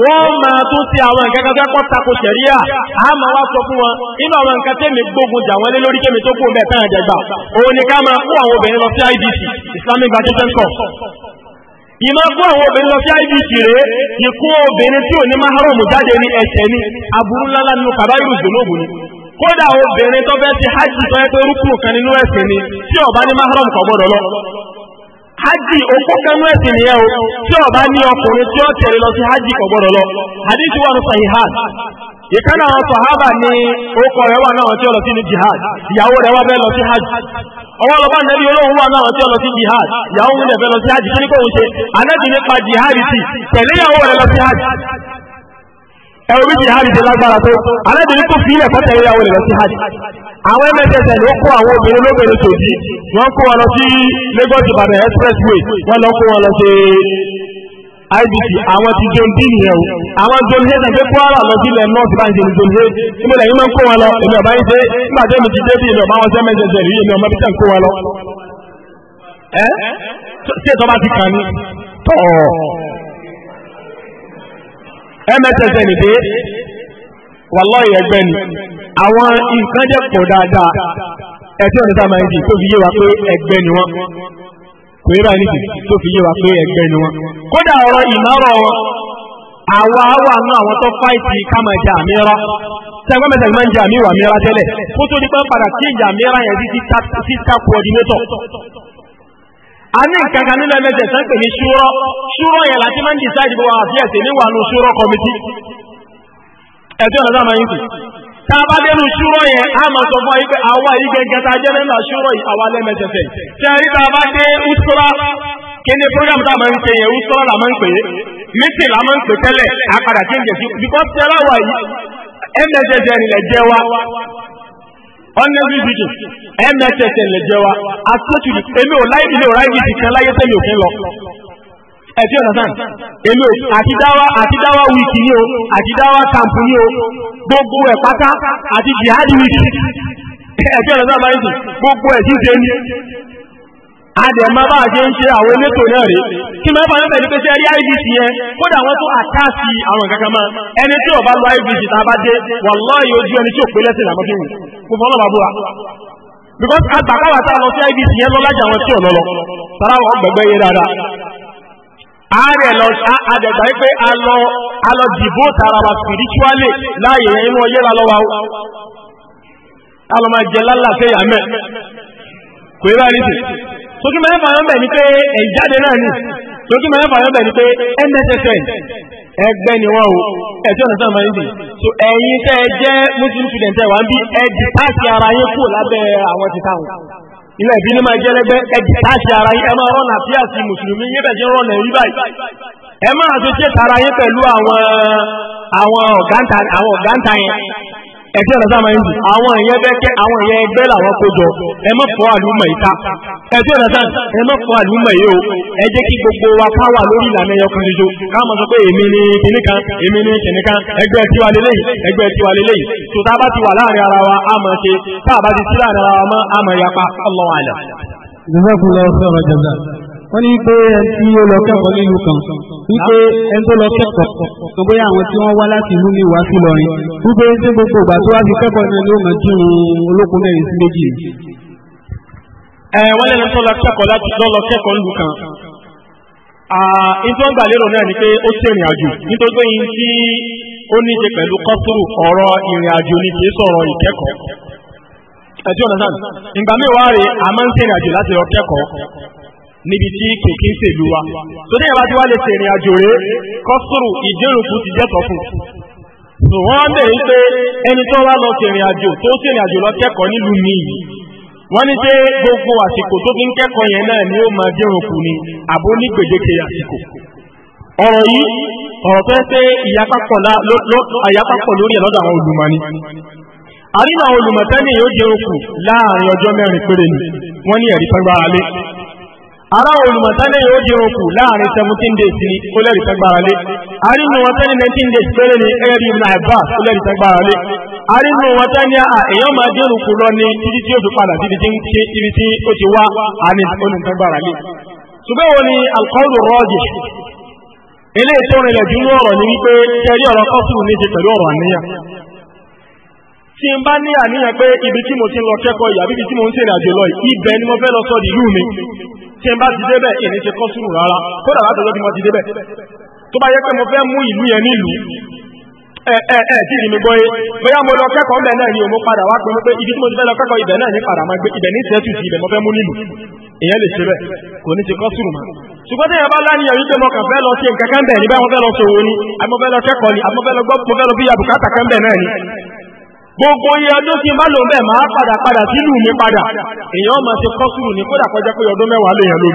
wọ́n máa tún ṣe àwọn nǹkan kan kọ́ tako ṣẹ̀ríà a máa wá sọ fún wọn nínú àwọn nǹkan tẹ́mi gbógun jà wọ́n lé lórí kémi tó kú àjẹgbà òun ni ká máa kó àwọn obìnrin lọ sí IDC Islamic Graduation Corps ìmọ̀ kó àwọn obìnrin lọ sí IDC rèé ìkó maharam jáde ni aburú nínú ni kódà obìnrin tó fẹ́ ti hajj tó yẹ ni ọba maharam hajj òpó kanú ẹ̀sìn nìyẹn o tí ó ọkụrụ ní ọkùnrin tí ó tẹ̀lé lọ sí hajj kò lọ hadith wà ní sahihan ìkànnà àwọn sahaba ní orúkọ na wà náà tí ó lọ sí ní jihad ìyàwó rẹ̀ wà bẹ́ẹ̀ lọ sí hajj ọwọ́ lọ́ba nẹ́bí olóhùn wà náà tí ó lọ sí jihad ìyàwó rẹ̀ bẹ́ẹ̀ lọ sí kí ni kò ń ṣe anẹ́bí nípa jihad tẹ̀lé ìyàwó lọ ẹ̀rọ bí jihad ṣe lágbára tó alábìnrin tó fi ilẹ̀ fọ́tẹ̀ ìyàwó rẹ̀ lọ sí hajj àwọn mss ló kó àwọn obìnrin lóbìnrin tòjí wọ́n kó wọn lọ sí Lagos Ìbàdàn expressway wọ́n lọ kó wọn lọ sí IBC àwọn ti john dean yẹn o àwọn john dean ṣe Kwara lọ sí ilẹ̀ north bank ní john dean níbo lẹ́yìn máa ń kó wọn lọ èmi ọ̀bá yín ṣe nígbà tó èmi ti dé bí èmi ọ̀bá wọn ṣe mss rí èmi ọmọ bíjà ń kó wọn lọ. ẹ ṣé ìtọ́ bá ti kàn ní tọ̀ọ̀ mssn dé wàlọ́ọ̀ì ẹgbẹ́ ni àwọn nǹkan jẹ́ pọ̀ dáadáa ẹtí ọ̀nà tá a máa ń di tó fi yé wa pé ẹgbẹ́ ni wọ́n kò yé báyìí nìyí tó fi yé wa pé ẹgbẹ́ ni wọ́n. kódà ọ̀rọ̀ ìmọ̀ràn wọn àwa wà nù àwọn tó fáìtì ká máa jẹ àmì rọ sẹ́gbẹ́ mẹ́ta ni máa ń jẹ àmì ìwà mìíràn tẹ́lẹ̀ kó tó di pé padà sí ìjà mìíràn yẹn sí ká coordinator a ní nǹkan kan nínú ẹ̀mẹ́sẹ̀ sàn pè ní ṣúrọ́ ṣúrọ́ yẹn láti máa ń decide bó wa àfi ẹ̀sẹ̀ níwà nu ṣúrọ́ committee ẹ̀sẹ̀ ọ̀nà sáà máa ń tì tá a bá dénú ṣúrọ́ yẹn a máa sọ fún ayípe àwa yìí gẹ́gẹ́ tá a jẹ́ nínú ṣúrọ́ yìí àwa lẹ́mẹsẹ̀ fẹ̀ ṣe rí tá a bá dé usura kéde program tá a máa ń ṣe yẹn usura la máa ń pè é mítì la máa ń pè tẹ́lẹ̀ àpàdà tí ń jẹ̀ sí because tẹ́lá wa yìí ẹ̀mẹ́sẹ̀ jẹ́ nílẹ̀ jẹ́ wa ọ̀nẹ́bí bìdì ẹ̀mẹ́tẹ̀ẹ̀tẹ̀ lè jẹ wa asọ́tùdì èmi ò láì ilé òráyè bìdì kan láyé tẹ́mi òfin lọ. ẹ̀tí ọ̀nà sàn èmi ò àtidáwá àtidáwá wíìkì ni o àtidáwá kàmpù ni o gbogbo ẹ̀ pátá àti jihadi wíìkì ẹ̀tí ọ̀nà sàn báyìí gbogbo ẹ̀ àdẹ̀mọ́ bá ṣe ń ṣe àwọn elétò náà rí kí mẹ́fà náà tẹ̀lé pé ṣe IVC yẹn kódà àkáàsì àwọn ẹni tí lọ IVC tá a bá dé ẹni tí ò pé lẹ́sìn làmọ́ fi wù búra because tá a lọ sí IVC yẹn lọ́lájà wọn tí ò lọ́lọ́ sára wọn gbẹgbẹ́ yé dáadáa ààrẹ lọ àdẹ̀gbà yìí pé a lọ a lọ dìbò tara wa spiritually láàyè sókí mẹ́rin fàyọ́ bẹ̀ ni pé ẹ̀jáde náà ni sókí mẹ́rin fàyọ́ bẹ̀ pé nssn ẹgbẹ́ ni wọ́n o ẹ̀jọ́ ọ̀nà sáà máa ń dì so ẹ̀yin tẹ́ ẹ jẹ́ muslim student ẹ̀ wá ń bí ara yín lábẹ́ àwọn ti táwọn ilẹ̀ ìbí máa jẹ́ lẹ́gbẹ́ ara yín máa àti mùsùlùmí yín bẹ̀ jẹ́ báyìí ẹ máa tó ṣe tara yín pẹ̀lú àwọn ọ̀gáǹtà yẹn ẹ̀kí ọ̀nà sáà máa ń jù àwọn èèyàn bẹ́kẹ́ àwọn èèyàn ẹgbẹ́ làwọn kó jọ ẹ má fọ́ àlùmọ̀ yìí ká ẹ̀kí ọ̀nà sáà ẹ má fọ́ àlùmọ̀ yìí o ẹ jẹ́ kí gbogbo wa ká wà lórí ìlànà ẹyọ kan ṣoṣo ká máa sọ pé èmi ni kìnní kan èmi ni kìnní kan ẹgbẹ́ tiwa lélẹ́yìí ẹgbẹ́ tiwa lélẹ́yìí tó bá ti wà láàrin ara wa á wọ́n ní pé ẹni tí ó lọ kẹ́kọ̀ọ́ nílùú kan wípé ẹni tó lọ kẹ́kọ̀ọ́ tó bóyá àwọn tí wọ́n wá láti inú mi wá sí lọrin wípé ṣé gbogbo ìgbà tó wá fi kẹ́kọ̀ọ́ náà ló máa dùn olókun mẹ́rin sí méjì. ẹ wọ́n lẹ́nu tó lọ kẹ́kọ̀ọ́ láti lọ kẹ́kọ̀ọ́ nílùú kan nítorí gbà lérò náà ni pé ó ti rìn àjò nítorí pé yín tí ó ní ṣe pẹ̀lú kọ́sùrù ọ̀rọ̀ ìrìn àjò ni kì í sọ̀rọ̀ ìkẹ́kọ̀ọ́ ẹ̀jọ́ nàá nígbà míì wá rè a máa ń ṣèrìn àjò láti lọ kẹ́kọ̀ọ́ níbi tí kò kí ń ṣèlú wa tó dé ìyàbá tí wàá lè ṣe ìrìn àjò rẹ̀ kọ́sùrù ìdérùkù ti jẹ́ tọ́kùn. wọ́n á bẹ̀rẹ̀ pé ẹni tó wá lọ ṣe ìrìn àjò tó ṣe ìrìn àjò lọ kẹ́kọ̀ọ́ nílùú mi yìí wọ́n ní pé gbogbo àsìkò tó fi ń kẹ́kọ̀ọ́ yẹn náà ni ó máa dérùkù ni àbó ní gbèdéke àsìkò. ọ̀rọ̀ yìí ọ̀rọ̀ tó pé ìyapapọ̀ lórí ẹ̀ lọ́dọ̀ àwọn olùmọ̀ni àrínà olùmọ̀tẹ́ni yóò dérùkù láàrin ọjọ́ mẹ́rin péré ni wọ́n ní ẹ̀rí pẹ́ńgbára lé Ara olùmọ̀tánẹ́ yóò di okù seventeen days ni ó lẹ́rìí tẹ́gbára lé arínú wọn nineteen days péré ni ẹ̀yẹ́ bíi Abbas ó lẹ́rìí tẹ́gbára lé arínú wọn tẹ́ ní à lọ ní fi ibi ti wá àní ṣùgbọ́n wo ni tó ni wípé ní ti àníyàn tí n bá ní àníyàn pé ibi tí mo ti lọ yìí àbí ibi tí mo ń àjò tí n bá ti débẹ̀ èmi ti kọ́ sùúrù rárá kódà láti ọjọ́ tí mo ti débẹ̀ tó bá yẹ pé mo fẹ́ mú ìlú yẹn nílùú ẹ ẹ ẹ tí ìdí mi gbọ́ yé bóyá mo lọ kẹ́kọ̀ọ́ ńbẹ náà ni òun padà wá pé mo pé ibi tí mo ti fẹ́ lọ kẹ́kọ̀ọ́ ibẹ̀ náà ní padà máa gbé ibẹ̀ ní sẹ́tù sí ibẹ̀ mo fẹ́ mú nílùú èyàn lè ṣe bẹ́ẹ̀ kò ní ti kọ́ sùúrù mọ́ ṣùgbọ́n tí èèyàn bá láníyàn yìí pé mo kàn fẹ́ lọ sí nǹkan kan bẹ̀ ní bẹ́ẹ̀ mo fẹ́ lọ ṣòwò ni àbí fẹ́ lọ kẹ́kọ̀ọ́ ni àbí fẹ́ lọ gbọ́ mo fẹ́ lọ bí abùkátà kan bẹ̀ náà ni gbogbo iye ọdún tí n bá lò padapada bẹ̀ máa padà padà sílùú mi padà èèyàn máa ṣe kọ́sùrù ní kódà kọjá pé ọdún mẹ́wàá lèèyàn ló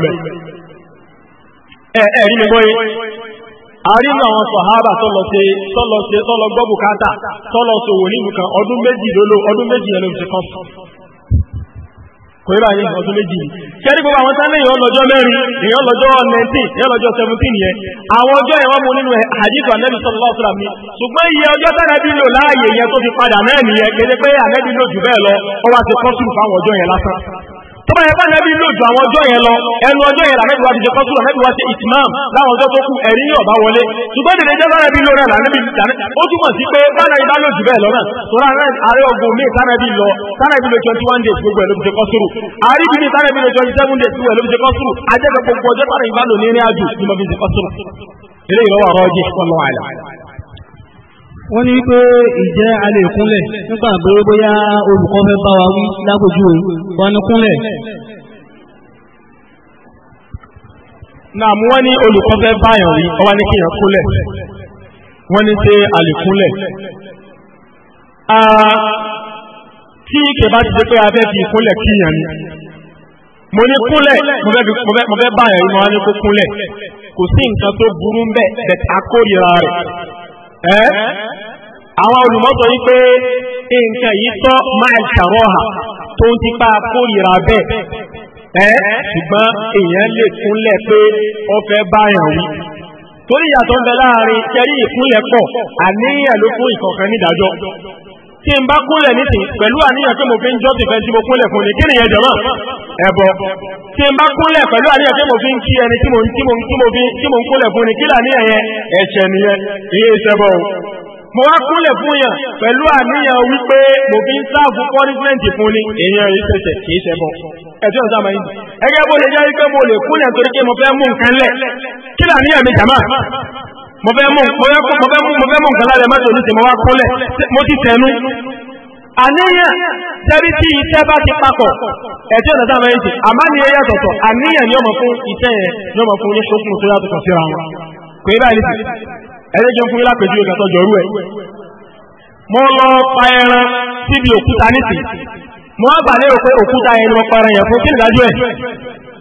ẹ ẹ rí mi yé àwọn sọ̀hábà kò yẹ ọdún méjì ni kẹ́rí gbogbo àwọn tán lẹ́yìn ọlọ́jọ́ mẹ́rin èèyàn lọ́jọ́ nineteen èèyàn lọ́jọ́ seventeen yẹn àwọn ọjọ́ yẹn wọ́n mú nínú hadith anabi sallallahu alaihi wasallam ṣùgbọ́n iye ọjọ́ tá anabi lò láàyè yẹn tó fi padà náà nìyẹn kéde pé anabi lò jù bẹ́ẹ̀ lọ ọwọ́ àti kọ́sùrù fáwọn ọjọ́ yẹn lásán tọ́ba yẹn bá nàbí lòjù àwọn ọjọ́ yẹn lọ ẹnu ọjọ́ yẹn làmẹ́bí wa ti ṣe kọ́sùrù làmẹ́bí wa ṣe ìtìmáàmù láwọn ọjọ́ tó kù ẹ̀rí yóò bá wọlé ṣùgbọ́n dèdè jẹ́ bá nàbí lòrẹ̀ làmẹ́bí ó túmọ̀ sí pé bá nàbí bá lòjù bẹ́ẹ̀ lọ́nà tọ́lá ààrẹ ọgbọ̀n mi tánàbí lọ tánàbí lo twenty one days gbogbo ẹ̀ ló ti ṣe kọ́sùrù àríbi mi tánàbí lo twenty seven days gbogbo ẹ̀ ló ti ṣe kọ́sùrù ajẹ́gbẹ̀ gbogbo ọjọ́ tánàbí bá ni mo fi ṣe kọ́sùrù eléyìí lọ́wọ́ ọ̀rọ̀ ọjọ́ ìṣ wọ́n ní pé ìjẹ́ alẹ́ ìkúnlẹ̀ nígbà pé bóyá olùkọ́ fẹ́ bá wa wí lápòjú wọn ní kúnlẹ̀. náà wọ́n ní olùkọ́ fẹ́ báyàn rí ọwá ní kíyàn kúnlẹ̀ wọ́n ní ṣe àlékúnlẹ̀. tí ìkè bá ti ṣe pé a fẹ́ fi ìkúnlẹ̀ kíyàn ni mo ní kúnlẹ̀ mo fẹ́ báyàn rí mo wá ní kó kúnlẹ̀ kò sí nǹkan tó burú ń bẹ̀ bẹ̀ akórira rẹ̀ ẹ́ àwọn olùmọ́tọ̀ yí pé nǹkan yìí tọ́ máa ṣàrọ́hà tó ń ti pa kórìíra bẹ́ẹ̀ ẹ́ ṣùgbọ́n èèyàn lè kúnlẹ̀ pé ó fẹ́ báyàn wí torí ìyàtọ̀ ń bẹ láàrin tẹ́rí ìkúnlẹ̀ pọ̀ àníyàn ló fún ìkọ̀ọ̀kan nídàájọ́ kí n bá kúnlẹ̀ nísìn pẹ̀lú àníyàn pé mo fi ń jọ́sìn fẹ́ tí mo kúnlẹ̀ fún ni kí nìyẹn jọ̀mọ́ ẹ̀bọ kí n bá kúnlẹ̀ pẹ̀lú àníyàn pé mo fi ń kí ẹni tí mo ń kúnlẹ̀ fún ni kí làníyàn yẹn ẹ̀ṣẹ̀ nìyẹn iye ìṣẹ́bọ̀ o mo wá kúnlẹ̀ fún yàn pẹ̀lú àníyàn wípé mo fi ń sáàfù pọ́nísmẹ́ǹtì fún ni èèyàn yìí ṣẹ̀ṣẹ̀ kì í ṣẹbọ ẹjọ́ ìta máa ń dì ẹgẹ́ bó lè jẹ́ wípé mo lè kúnlẹ̀ torí pé mo fẹ́ mú nǹkan lẹ̀ kí làníyàn mi jàmá mo fẹ́ mú nǹkan lára mọ́tò ní tèmi wá kọ́lẹ̀ mo ti tẹ̀nu àníyàn tẹ́rí tí iṣẹ́ bá ti papọ̀ ẹ̀tí ọ̀nà táwọn èsì àmá ní ẹyẹ tọ̀tọ̀ àníyàn ni ọmọ fún iṣẹ́ yẹn ni ọmọ fún oníṣòkùn tó yàtọ̀ tọ̀ síra wọn kò ní báyìí nìsí ẹ̀rẹ́ jẹun fún ilápẹ̀jú ìgbàtọ̀ jọrú ẹ̀ mo lọ pa ẹran síbi òkúta nìsí mo wá gbà òkúta ẹni ọpọ ẹran yẹn fún kí nìdájọ́ ẹ̀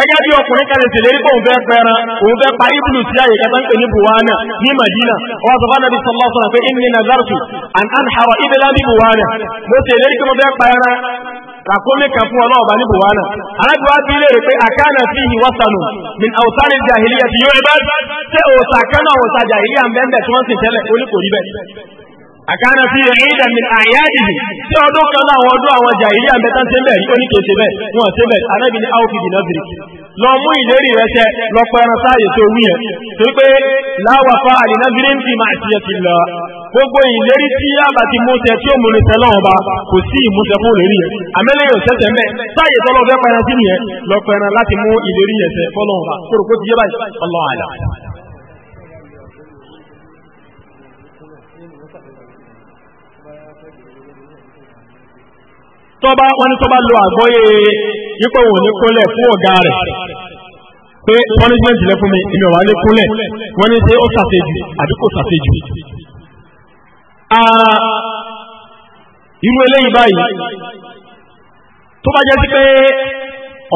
ẹgẹ́ bí ọkùnrin kan lè tẹ̀lé rí bóun fẹ́ pẹran òun fẹ́ pa ibùdó sí àyè kẹta ń pè ní buwana ní madina wọn sọ fún sọlá sọlá pé inni nazartu an an haro ibela bí buwana mo tẹ̀lé rí kí mo fẹ́ pẹran kàkómi kan fún ọlọ́ ní buwana alágbèwá bí lè pé àkànà sí ìhì wọ́sànù ní àwùsárì jahiliya ti yóò ẹgbẹ́ tẹ òòsà kan náà òòsà jahiliya ń bẹ́ẹ̀ tí wọ́n sì tẹ́lẹ̀ oníkòrí bẹ́ẹ̀ aka na rẹ̀ ìdà mi àyáàdìdì tí ọdún kan náà àwọn ọdún àwọn jàìrí àmẹ́ta ṣe bẹ̀ rí oníkèé wọn ṣe bẹ̀ lọ mú ìlérí rẹ ṣẹ lọ pẹran sáàyè tó wí yẹn torí pé láwà fa ń máa ti lọ gbogbo ìlérí tí ti mú tí ó múni lọ́wọ́ bá kò sí ìmúṣẹ fún yẹn sáàyè tó lọ fẹ́ sí nìyẹn lọ láti mú ìlérí yẹn fọ́lọ́wọ́ bá ti yé báyìí tọ́ba wọn ní tọ́ba lo àgbọ́yé yípo wò ní kúnlẹ̀ fún ọ̀gá rẹ̀ pé punishment lẹ fún mi èmi ọ̀wá lé kúnlẹ̀ wọ́n ní ṣe ó ṣàṣejù àbí kò ṣàṣejù. irú eléyìí báyìí tó bá jẹ́ sí pé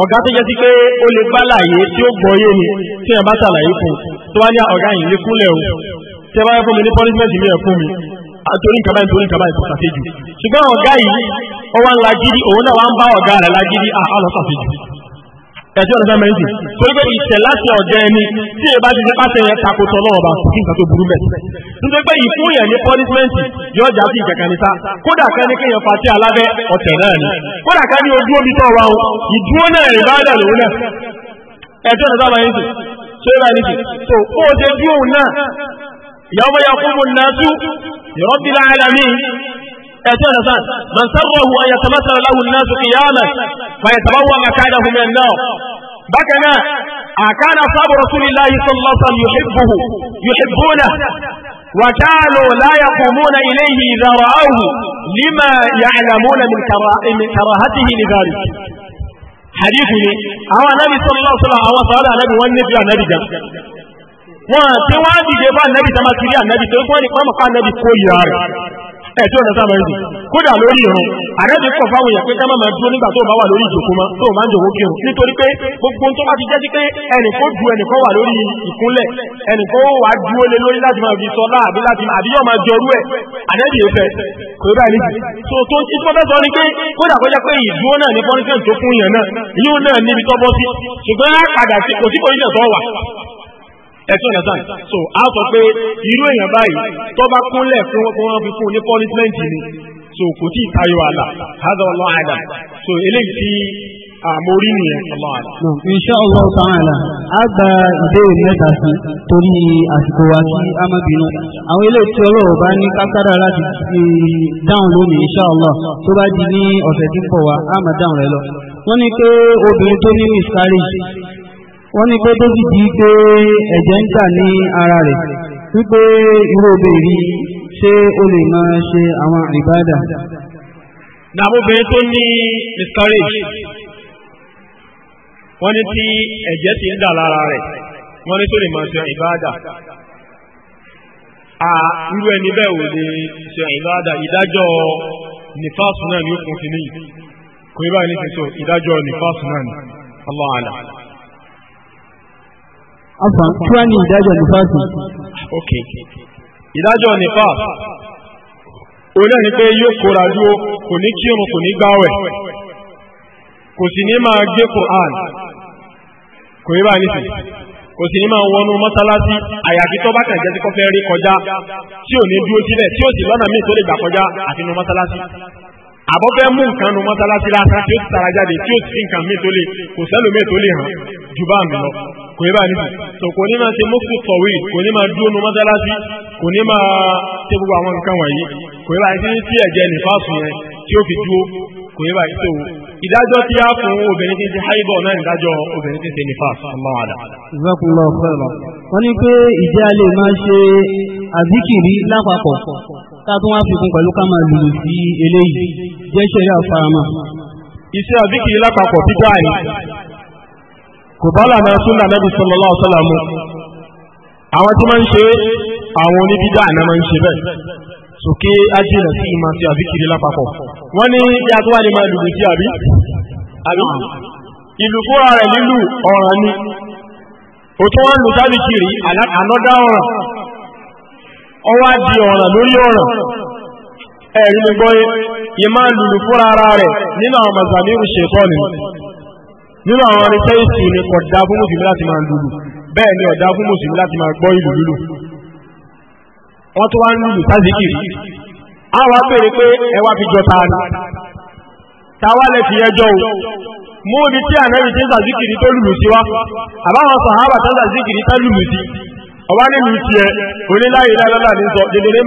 ọ̀gá tó jẹ́ sí pé ó lè bá láàyè tí ó gbọ́yé ni tí ẹ̀ bá ṣàlàyé fún tó bá ní ọ̀gá yìí lé kúnlẹ̀ o tí ẹ bá yẹ fún mi ní punishment mi ẹ̀ fún mi àtòrí nǹkan báyìí torí nǹkan báyìí kò ṣàṣejù ṣùgbọ́n ọ̀gá yìí ó wá ń lagídí òun náà wá ń bá ọ̀gá rẹ̀ lagídí àlọ́sàfíjì ah, ẹ̀tí ọ̀nà sáà mẹ́rin torí pé ìṣẹ̀ láti ọ̀jẹ́ ẹni tí èbá ti fipá tẹ̀yẹ takòtò náà ọba kí nǹkan tó burú mẹ́ nítorí pé ìfún yẹn ní pọ́nísmẹ́ǹtì yóò já sí ìkẹ̀kẹ́ níta kódà kan ní kéèyàn fàtí alábẹ́ ọ̀tẹ̀ náà ni kódà kan ojú omi tọ́ wa o ìdúró náà rè bá dà lòun náà ẹ̀tí ọ̀nà sáà mẹ́rin tó yẹ اعتبر سان من سره أن يتمثل له الناس قياما فيتبوأ مكانه من النار بكنا أكان أصحاب رسول الله صلى الله عليه وسلم يحبه يحبونه وكانوا لا يقومون إليه إذا رأوه لما يعلمون من, كراهته لذلك حديثي أو النبي صلى الله عليه وسلم أو صلى النبي والنبي النبي جم وأنت واجب النبي تماثيل النبي تقول لي قام قال النبي كل يارك ẹ̀tọ́ ọ̀nà sáà máa ń dì kódà lórí irun àrẹ́bí kọ̀ fáwọn èèyàn pé ká máa dúró nígbà tó bá wà lórí ìjòkó ma tó máa ń jòkó kírun nítorí pé gbogbo tó bá ti jẹ́ sí pé ẹnìkan ju ẹnìkan wà lórí ìkúnlẹ̀ ẹnìkan ó wà dúró lé lórí láti máa fi sọlá àbí láti àbí yóò máa jọrú ẹ̀ àrẹ́bí ìfẹ́ kò bá ní so tó ti fọ́ bẹ́ẹ̀ sọ ni pé kódà kó jẹ́ pé ìdúró náà ní kọ́ńtẹ́ǹtì tó fún yẹn náà yóò náà níbi tọ́ bọ́ sí ṣùgbọ́n á padà sí kò sí kò ẹ̀tún ẹ̀dán so a sọ pé irú èèyàn báyìí tó bá kúnlẹ̀ fún wọn fi fún ní pọ́nísmẹ́ǹtì ni so kò tí ì tayọ àlà hada wallahu a'lam so eléyìí tí àmórí nìyẹn wallahu a'lam. insha Allah ta'ala a gba ìbéèrè mẹ́ta sí torí àsìkò wa kí a má bínú àwọn eléyìí tí ọlọ́wọ́ bá ní kákàrà láti fi dáhùn lónìí insha Allah tó bá di ní ọ̀sẹ̀ tí ń bọ̀ wá á máa dáhùn rẹ lọ. wọ́n ní pé obìnrin tó ní miscarriage wọ́n ní pé david gbé ẹ̀jẹ̀ ń dà ní ara rẹ̀ wípé irú obìnrin ṣé ó lè máa ṣe àwọn ìbádà. nàbóbìnrin tó ní miscarriage wọ́n ní tí ẹ̀jẹ̀ ti ń dà lára rẹ̀ wọ́n ní tó lè máa ṣe ìbádà. a irú ẹni bẹ́ẹ̀ ò lè ṣe ìbádà ìdájọ́ nífàsùn náà ni ó kún sí ní kò ní báyìí ní ti sọ ìdájọ́ nífàsùn náà ni Allah àlà afan kí wá ní ìdájọ́ nífàsì. ok ìdájọ́ nífàsì òun ni pé yóò kóra dúró kò ní kírun kò ní gbáwẹ̀ kò sì ní máa gbé Qur'an kò ní máa nísì kò sì ní máa wọnú mọ́sálásí àyàfi tó bá kàn jẹ́ kó fẹ́ rí kọjá tí ò ní dúró sílẹ̀ tí ò sì lọ́nà míì tó lè gbà kọjá àti nu mọ́sálásí àbọ̀ mú nǹkan nu mọ́sálásí lásán tí ó ti tara jáde tí ó sì nǹkan míì tó lè kò sẹ́lòmíì tó lè hàn jù bá mi lọ kò yẹ báyìí nìyí tó kò ní máa ṣe mọ́kù tọ̀wé kò ní máa dúró nu mọ́sálásí kò ní máa ṣe gbogbo àwọn nǹkan wọ̀nyí kò yẹ báyìí tí ẹ̀jẹ̀ nífàsù yẹn tí ó fi dúró kò yẹ báyìí tó ìdájọ́ tí a fún obìnrin tí ń ṣe háìbọ̀ náà ìdájọ́ obìnrin tí ń ṣe nífàsù Allahu a'lam. ìfẹ́kùnlọ́ fẹ́ràn wọ́n ní pé ìdí a lè máa ṣe àzíkìrí lápapọ̀ tátún wá fikún pẹ̀lú ká máa lùlù sí eléyìí jẹ́ ṣẹ̀rí àfaramọ́. iṣẹ́ àzíkìrí lápapọ̀ bídà ni kò na lànà súnà nàbì sallallahu alaihi wasallam àwọn tí máa ń ṣe àwọn oníbídà àná máa ń ṣe bẹ́ẹ̀ sókè ájìnà sí ìmọ̀ àti àbíkiri lápapọ̀ wọ́n ní yàtọ̀ wà ní máa lùlù sí àbí ìlú rẹ̀ lílù ọ̀ràn ni òtún wọn lù sábìkiri ànọ́dá ọ̀ràn ọwá di ọ̀ràn lórí ọ̀ràn ẹ̀rí mi gbọ́ lùlù rẹ̀ nínú àwọn ṣètọ́ nínú àwọn irinṣẹ́ èsù ni kódà fún mùsùlùmí láti máa lùlù bẹ́ẹ̀ ni ọ̀dà fún mùsùlùmí láti máa gbọ́ ìlù lùlù wọ́n tó wá ń lùlù sásìkì àwọn abèrè pé ẹ wá fi jọ ta ni táwa lè fi ẹjọ́ o mú ibi tí ànábì tí sàzíkìrì tó lùlù sí wa àbáwọn sàhábà tó sàzíkìrì tá lùlù sí ọwá nílùú tiẹ̀ oníláyè lálálà ní sọ dèdè ní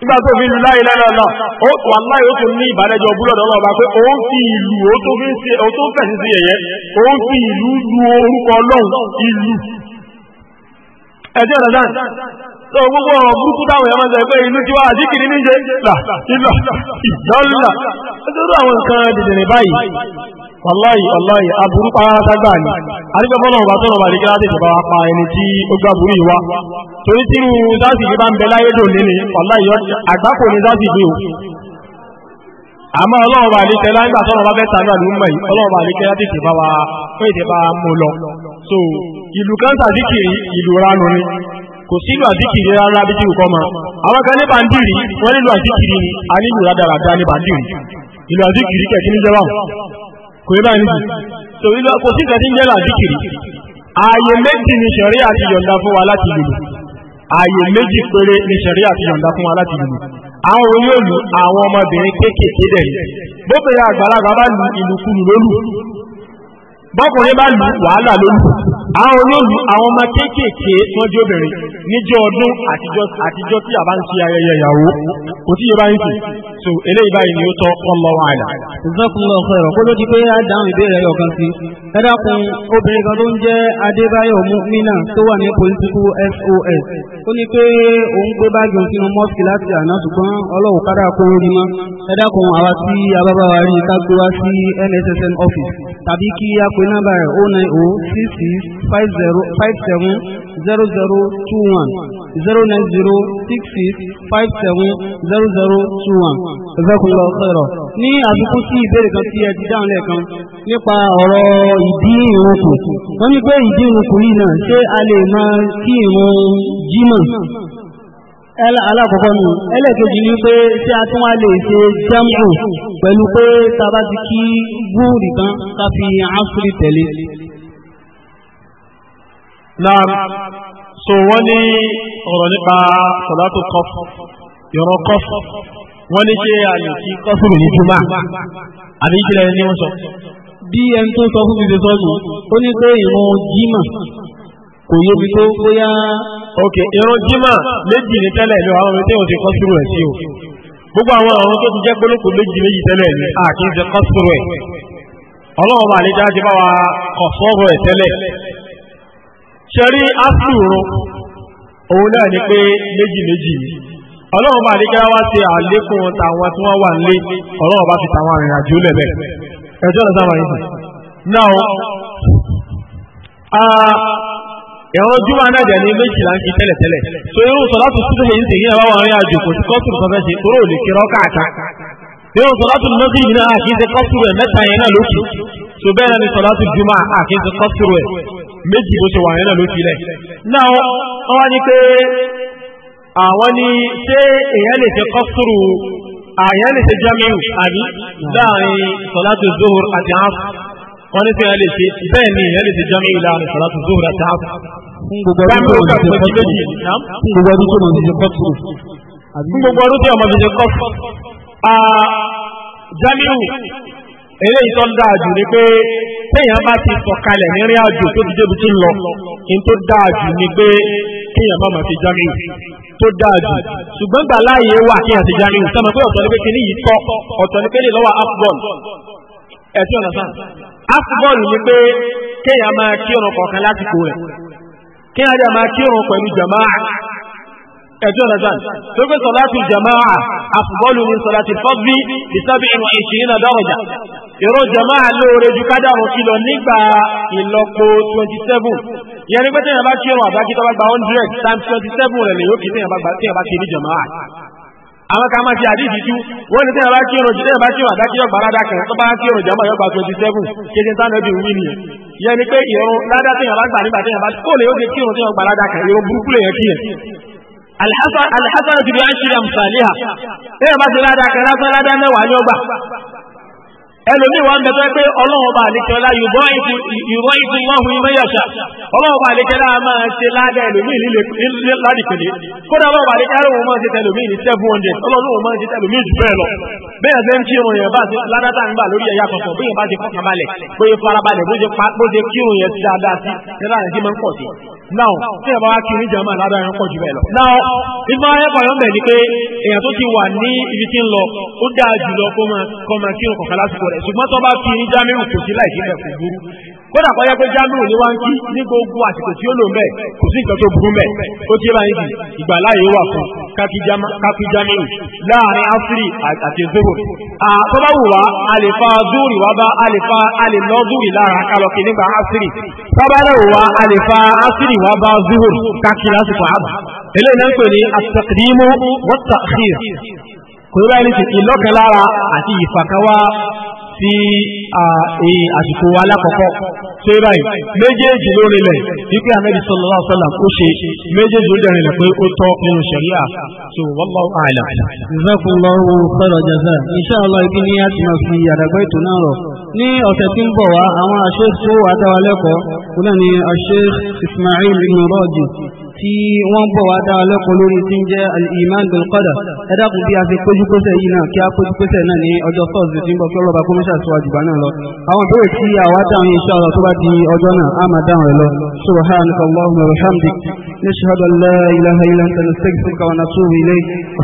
nígbà tó fi lu láyé lẹ́nu ọ̀la ó wàláhì ó tún ní ìbánẹ́jọ búlọ̀dọ̀ náà bá pé ó ń fi ìlú ó tó fi ń ṣe ó tó ń fẹ̀sí sí ẹ̀yẹ ó ń fi ìlú lu orúkọ ọlọ́run ìlú ẹ̀jẹ̀ rẹ̀ dáhùn sọ gbogbo ọ̀rọ̀ burúkú táwọn ẹ̀mọ́ sọ pé inú tí wá àzíkiri ní ṣe là ìlà ìdánlà nítorí àwọn nǹkan dìdìrín báyìí wàláyì wàláyì aburú páráságbà ni àrígbẹ́fọ́nà ọba tọ́nà bàrí kíláàdì ìjọba wa pa ẹni tí ó gbà burú ìwá torí tí irú sáàsì ìgbà ń bẹ láyé dò nílé wàláyì àgbákò ní sáàsì ìgbé o àmọ́ ọlọ́run bàrí kẹlá nígbà tọ́nà bá bẹ́ta náà ló ń mọ̀ yìí ọlọ́run bàrí kẹlá tètè bá wa pé ìtẹ́ bá mú lọ so ìlú kan sàdíkì ìlú ránú ni kò sílù àdíkìrì rárá bí kìrì kọ́mọ àwọn kan ní bàndìrì wọ́n nílò àdíkìrì ni a nílò rádaràdá ní bàndìrì ìlú àdíkìrì kẹ̀kí ní jẹ́wà kò yẹ báyìí nìyí tó ìlú kò sí ìtẹ́sí ń jẹ́lò àdíkìrì ààyè méjì ni ṣẹ̀rí àti yọ̀ǹda fún wa láti lùlù ààyè méjì péré ni ṣẹ̀rí àti yọ̀ǹda fún wa láti lùlù àwọn olóòlù àwọn ọmọbìnrin kéékèèké dẹ̀ ni bóbìnrin àgbàlagbà bá lu ìlùkulù lólù bọ́kùnrin bá lu wàhálà lólù àwọn olóòlù àwọn ọmọ kéékèèké wọ́n jẹ́ obìnrin níjọ́ ọdún àtijọ́ tí a bá ń ṣe ayẹyẹ ìyàwó kò tí yóò ń sè so eléyìí báyìí ni ó tọ́ ọlọ́wọ́ àìlà. ìzọ́kùnrin ọ̀fẹ́ rẹ̀ kó ló di pé á dáhùn ìbéèrè rẹ̀ ọ̀kan sí. ẹ dákun obìnrin kan tó ń jẹ́ adébáyọ̀ mùmínà tó wà ní political sos ó ní pé òun gbé báàgì òun sínú mọ́ọ̀sì láti àná ṣùgbọ́n ọlọ́wọ́ kára kó wa rí ká gbé wá office tàbí kí a pè nọ́mbà rẹ̀ 090 66 five zero five seven zero zero two one zero nine zero six six five seven zero zero two one. ẹ̀fẹ́kùnlọ sọ̀rọ̀ ní àfikún sí ìbéèrè kan tí ẹ ti dáhùn lẹ́ẹ̀kan nípa ọ̀rọ̀ ìdí ìrùnkù wọ́n ní pé ìdí ìrùnkù yìí náà ṣé a lè máa kí ìrun jímọ̀ alákọ̀ọ́kọ́ nù ẹlẹ́ẹ̀kejì ní pé tí a tún wá lè ṣe jámù pẹ̀lú pé tá a bá ti kí gúúrì tán ká fi áfírí tẹ̀lé náà so wọ́n ní ọ̀rọ̀ nípa sọ̀látò kọf yọ̀rọ̀ kọf wọ́n ní ṣe àyè kí kọfùrù ní túmá àbí ìjìnlẹ̀ ní wọ́n sọ. bí ẹni tó sọ fún mi ṣe sọ yìí ó ní pé ìrun jimá kò yé mi tó bóyá. ok ìrun jimá méjì ní tẹ́lẹ̀ ló àwọn ọmọ tí wọ́n ti kọfùrù ẹ̀ sí o gbogbo àwọn ọ̀run tó ti jẹ́ gbólókò méjì méjì tẹ́lẹ̀ ni a kì í ṣe ọlọ́run àlejò á ti wa kọ̀ sọ́ọ̀rọ̀ ẹ̀ tẹ́lẹ̀ ṣẹ̀rí asùrù òun náà ni pé méjì méjì ọlọ́run bá nígbà wá ṣe àlékún tàwọn tí wọ́n wà nílé ọlọ́run bá fi tàwọn arìnrìn àjò lẹ̀bẹ̀ ẹjọ́ ọ̀dọ́ sáwọn yìí náà ẹ̀rọ júmọ̀ náà ní méjì là ń ṣe tẹ́lẹ̀tẹ́lẹ̀ so sọ láti sọ fẹ́ ṣe yìí náà méjì bó ṣe wà yẹn náà ló fi lẹ̀ náà wọ́n wá ní pé àwọn ni ṣé èèyàn lè ṣe kọ́sùrù àyàn lè ṣe jamiu àbí láàrin sọlátù zuhur àti áfù wọ́n ní sẹ́yìn lè ṣe bẹ́ẹ̀ ni èèyàn lè ṣe jamiu láàrin sọlátù zuhur àti áfù. fún gbogbo ọdún tó lè ṣe kọ́sùrù. fún gbogbo ọdún tó lè ṣe kọ́sùrù. jamiu eré ìtọ́ dáa jù ni pé téèyàn bá ti sọ̀kalẹ̀ nírìn àjò tó ti débi tó ń lọ ní tó dáa jù ni pé kéèyàn má máa fi járe wù tó dáa jù ṣùgbọ́n gbà láàyè wà kéèyàn ti járe wù sọ́mọ pé ọ̀tọ̀ ni pé kíní yìí tọ́ ọ̀tọ̀ ni pé lè lọ́wọ́ afghan ẹ̀sìn ọ̀nà sáà afghan ni pé kéèyàn máa kírun kọ̀ọ̀kan lásìkò rẹ̀ kéèyàn máa ẹjọ́ nàzán tó pé sọ̀látù jama'a àfùbọ́lù ní sọ̀látù fọ́bí ìsábì ìwọ̀n ìṣìyìn àdọ́rọ̀jà ìrọ̀ jama'a lóore ju kádàrún kìlọ̀ nígbà ìlọ́po 27 yẹn ni pé tẹ́yàn bá kí ẹ̀rọ àbájí tó bá gba 100 times 27 rẹ̀ lè yóò kí tẹ́yàn bá kí ní jama'a àwọn kan máa ti àdíjì tú wọ́n ní tẹ́yàn bá kí ẹ̀rọ jìdẹ́yàn bá kí ẹ̀rọ àdákí ọgbà rádá kan tó bá kí ẹ̀rọ jama'a yọgbà 27 kéde tánàbí wí nìyẹn yẹn ni pé ìrún ládá tẹ́yàn bá gbà nígbà tẹ́yàn bá kó lè ó gbé kí ẹ̀rọ tẹ́yàn gbà rádá kan ìrún burúkú lè yẹn kí yẹn الحسنة بعشر أمثالها إيه بس لا داك لا فلا دا نوالي وبا ẹlòmíì wà ń bẹ pé ọlọ́run bá àlejò ọlá yùbọ́ ìfún lọ́hùn ìmọ̀yọ̀ṣà ọlọ́run bá àlejò ọlá máa ṣe ládẹ́ ẹlòmíì nílé ládìpẹ̀lẹ́ kódà ọlọ́run bá àlejò ọlọ́run máa ṣe tẹlòmíì ní seven hundred ọlọ́run máa ṣe tẹlòmíì jù bẹ́ẹ̀ lọ bẹ́ẹ̀ ṣe ń kírun yẹn bá ládàtà ń gbà lórí ẹ̀yà kọ̀ọ̀kan bóyá bá ti fọkàn balẹ̀ bóyá farabalẹ̀ bó ṣe kírun yẹn ti dáadáa sí nílá rẹ̀ ti máa ń pọ̀ sí. now tí ẹ bá wá kiri jama ládàá yẹn pọ̀ jù bẹ́ẹ̀ lọ. now ìfọwọ́ ẹ̀kọ́ yọ̀ ń bẹ̀ ni pé èèyàn tó ti wà ní ibi tí ń lọ ó dáa jùlọ kó máa kírun kọ̀ọ̀kan lásìkò rẹ̀ ṣùgbọ́n tó bá fi ní jamiu kò sí láì sílẹ̀ kò burú kódà kọ́ yẹ pé jamiu ní wá ń kí ní gbogbo àsìkò tí ó lò mẹ́ kò sí nǹkan tó burú mẹ́ ó ti bá yín di ìgbàláyé wà fún kákí jamiu láàrin áfírì àti zoro tó bá wù wá a lè fa zuri wá bá a lè fa lára kálọ̀kì nígbà áfírì tó lè wù wá a lè fa bá zoro kákí lásìkò àbá eléyìí náà ń pè ní àtàkìdímù wọ́tàkìr kò ní báyìí ní ti ìlọ́kànlára àti ìfàkàwá sí àsìkò alákọ̀ọ́kọ́ tó yẹ báyìí méjèèjì ló rinlẹ̀ wípé anabi sallallahu alaihi wasallam ó ṣe méjèèjì ló dẹ̀rinlẹ̀ pé ó tọ́ nínú sẹ̀ríà tó wallahu a'lam. jazakumullahu khairan jaza insha Allah ibi ni a ti máa fi àdàgbà ètò náà rọ̀ ní ọ̀sẹ̀ tí ń bọ̀ wá àwọn àṣẹ tó wà dáwà lẹ́kọ̀ọ́ kúlẹ̀ ni àṣẹ Ismail ibn Rọ́ọ̀dì tí wọ́n bọ̀ wá dá ọlọ́kùn lórí tí ń jẹ́ al-iman bil qadar ẹ dákun bí a ṣe kójú pẹ́sẹ̀ yìí náà kí a kójú pẹ́sẹ̀ náà ní ọjọ́ sọ́ọ̀sì tí ń bọ̀ kí ọlọ́ba kó mọ́ṣà tó àjùbá náà lọ. àwọn ìbéèrè tí àwa dáhùn insha Allah tó bá di ọjọ́ náà á máa dáhùn rẹ̀ lọ subhanakallahumma wa bihamdik nashhadu an